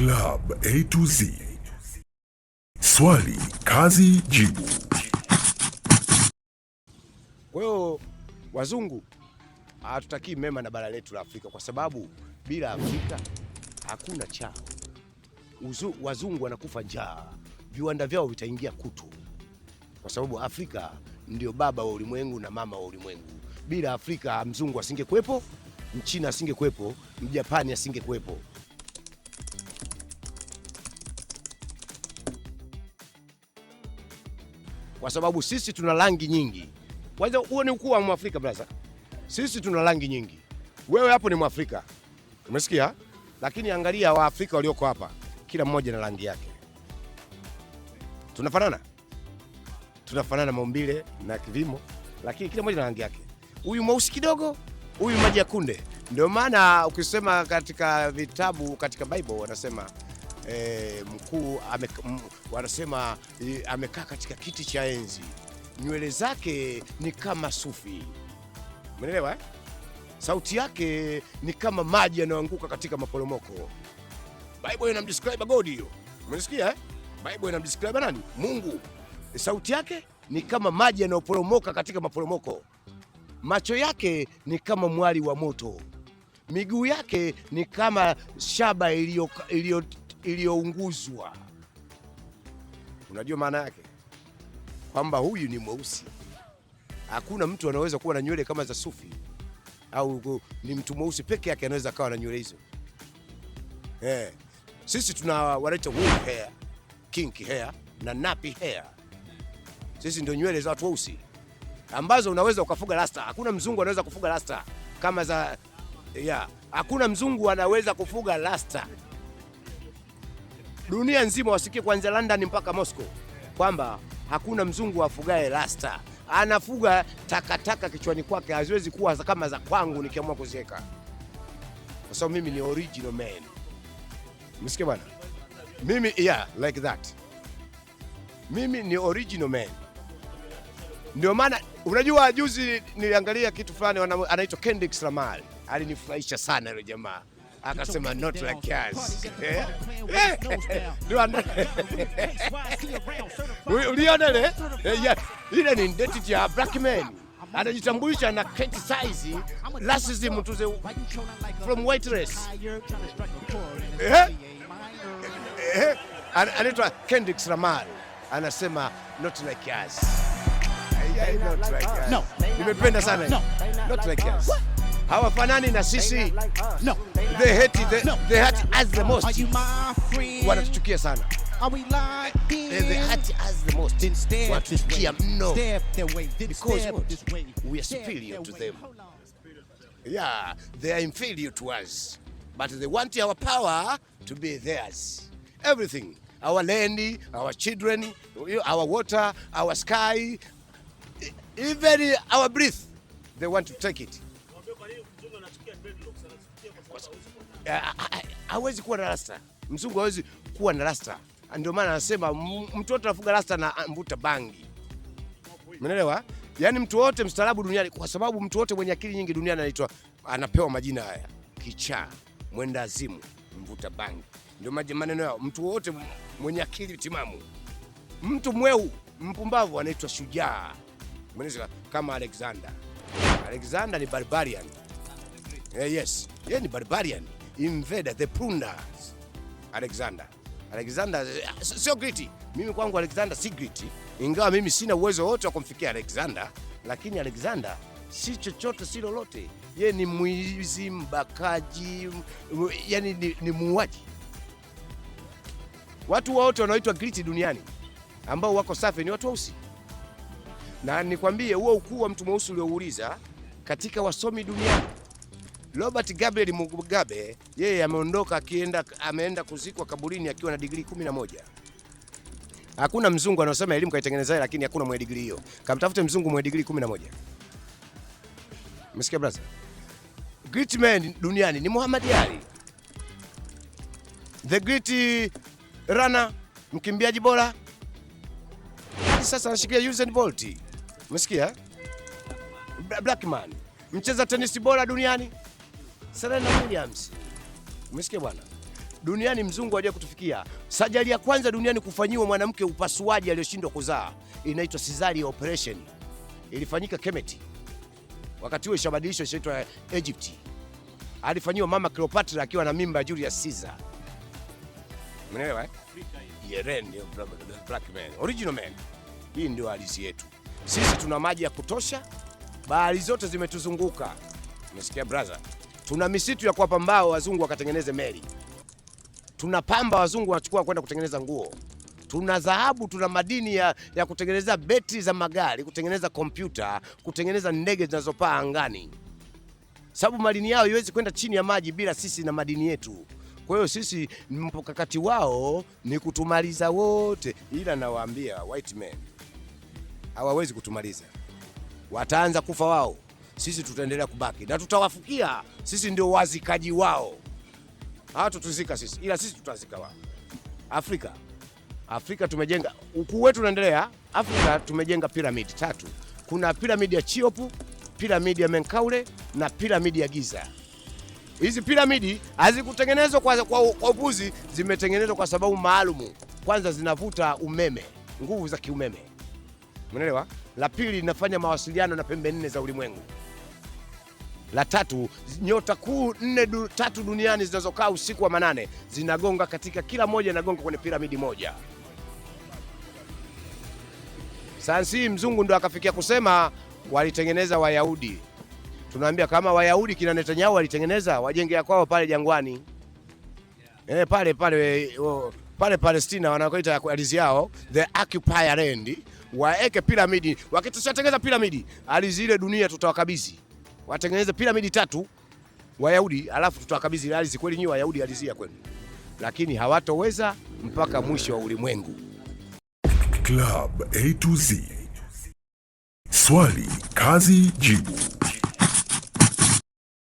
Club A to Z. Swali, kazi, jibu. Kwa hiyo wazungu hatutakii mema na bara letu la Afrika kwa sababu bila Afrika hakuna chao. Uzu, wazungu wanakufa njaa, viwanda vyao vitaingia kutu, kwa sababu Afrika ndio baba wa ulimwengu na mama wa ulimwengu. Bila Afrika mzungu asingekuwepo, mchina asingekuwepo, mjapani asingekuwepo. sababu sisi tuna rangi nyingi. Kwanza huo ni ukuu wa Mwafrika brother. Sisi tuna rangi nyingi, wewe hapo ni Mwafrika, umesikia? Lakini angalia Waafrika walioko hapa, kila mmoja na rangi yake. Tunafanana, tunafanana maumbile na kivimo lakini kila mmoja na rangi yake. Huyu mweusi kidogo, huyu maji ya kunde. Ndio maana ukisema katika vitabu, katika Bible wanasema eh, mkuu ame, wanasema eh, amekaa katika kiti cha enzi, nywele zake ni kama sufi, umeelewa eh? Sauti yake ni kama maji yanayoanguka katika maporomoko. Bible inamdescribe God hiyo, umesikia eh? Bible inamdescribe nani? Mungu. Sauti yake ni kama maji yanayoporomoka katika maporomoko. Macho yake ni kama mwali wa moto. Miguu yake ni kama shaba iliyo iliyounguzwa. Unajua maana yake kwamba huyu ni mweusi. Hakuna mtu anaweza kuwa na nywele kama za sufi, au ni mtu mweusi peke yake anaweza akawa na nywele hizo. Eh, sisi tuna wig hair, kink hair na nappy hair. Sisi ndio nywele za watu weusi ambazo unaweza ukafuga rasta. Hakuna mzungu anaweza kufuga rasta kama za, yeah, hakuna mzungu anaweza kufuga rasta dunia nzima wasikie, kuanzia London mpaka Moscow, kwamba hakuna mzungu afugaye rasta, anafuga takataka kichwani kwake, haziwezi kuwa kama za kwangu nikiamua kuziweka, kwa sababu mimi ni original man. Msikie bwana, mimi yeah, like that, mimi ni original man. Ndio maana unajua, juzi niliangalia kitu fulani anaitwa Kendrick Lamar, alinifurahisha sana yule jamaa akasema not like us. Eh? Eh? Ulionele eh, ile ni identity ya black man, anajitambulisha na criticize racism to the from white race. Anaitwa Kendrick Lamar anasema not like us. Not Nimependa sana. Not like us hawafanani na sisi. No. They hate the, no. They hate us the most. Wanatuchukia sana. They hate us the most. Wanatuchukia mno. Because we are superior to them. Yeah, they are inferior to us. But they want our power to be theirs. Everything. Our land, our children, our water, our sky, even our breath. They want to take it. Ah, ah, ah, hawezi kuwa na rasta, mzungu hawezi kuwa na rasta. Ndio maana anasema wote anafuga rasta na mvuta bangi, umeelewa? Yaani mtu wote mstaarabu duniani, kwa sababu mtu wote mwenye akili nyingi duniani anaitwa anapewa majina haya: kichaa, mwenda azimu, mvuta bangi. Ndio maneno yao. Mtu wote mwenye akili timamu, mtu mweu, mpumbavu anaitwa shujaa, kama Alexander. Alexander ni barbarian. Eh, yes. Yeye ni barbarian, invader, the pruners. Alexander. Alexander eh, sio griti. Mimi kwangu Alexander si griti. Ingawa mimi sina uwezo wote wa kumfikia Alexander, lakini Alexander si chochote si lolote. Ye ni mwizi, mbakaji, yani ni, ni muuaji. Watu wote wanaoitwa griti duniani ambao wako safi ni watu weusi, na nikwambie huo ukuu wa mtu mweusi uliouliza katika wasomi duniani Robert Gabriel Mugabe yeye ameondoka akienda, ameenda kuzikwa kaburini akiwa na digrii 11. Hakuna mzungu anaosema elimu kaitengeneza lakini hakuna mwenye digrii hiyo. Kamtafute mzungu mwenye digrii 11. Msikia brother? Great man duniani ni Muhammad Ali. The great runner, mkimbiaji bora. Sasa anashikilia Usain Bolt. Msikia? Black man, mcheza tenisi bora duniani. Serena Williams. Umesikia bwana? Duniani mzungu aje kutufikia. Sajali ya kwanza duniani kufanyiwa mwanamke upasuaji aliyoshindwa kuzaa inaitwa cesarean operation. Ilifanyika Kemeti. Wakati huo ishabadilishwa ishaitwa Egypt. Alifanyiwa mama Cleopatra akiwa na mimba Julius Caesar. Umeelewa? Eh? Yeren ndio black man, original man. Hii ndio halisi yetu. Sisi tuna maji ya kutosha, bahari zote zimetuzunguka. Umesikia brother? Tuna misitu ya kuwapa mbao wazungu wakatengeneze meli, tuna pamba wazungu wanachukua kwenda kutengeneza nguo, tuna dhahabu, tuna madini ya, ya kutengeneza beti za magari, kutengeneza kompyuta, kutengeneza ndege zinazopaa angani, sababu madini yao iwezi kwenda chini ya maji bila sisi na madini yetu. Kwa hiyo sisi, mkakati wao ni kutumaliza wote, ila nawaambia white men hawawezi kutumaliza, wataanza kufa wao sisi tutaendelea kubaki na tutawafukia. Sisi ndio wazikaji wao, hawatutuzika sisi, ila sisi tutazika wao. Afrika, Afrika tumejenga ukuu wetu unaendelea. Afrika tumejenga piramidi tatu, kuna piramidi ya chiopu piramidi ya Menkaure na piramidi ya Giza. Hizi piramidi hazikutengenezwa kwa, kwa, kwa upuzi, zimetengenezwa kwa sababu maalumu. Kwanza zinavuta umeme, nguvu za kiumeme, mnaelewa. La pili linafanya mawasiliano na pembe nne za ulimwengu. La tatu, nyota kuu nne du, tatu duniani zinazokaa usiku wa manane zinagonga katika kila moja inagonga kwenye piramidi moja. Sansi mzungu ndo akafikia kusema walitengeneza Wayahudi. Tunaambia kama Wayahudi kina Netanyahu walitengeneza wajenge ya kwao pale jangwani. Yeah. E, pale pale oh, pale Palestina wanakoita ardhi yao the occupied land waeke piramidi, wakitusiatengeza piramidi ardhi ile dunia tutawakabidhi watengeneze piramidi tatu Wayahudi, alafu tutawakabidhi ardhi kweli, nyinyi Wayahudi ardhi ya kwenu, lakini hawatoweza mpaka mwisho wa ulimwengu. Club A to Z. Swali, kazi, jibu.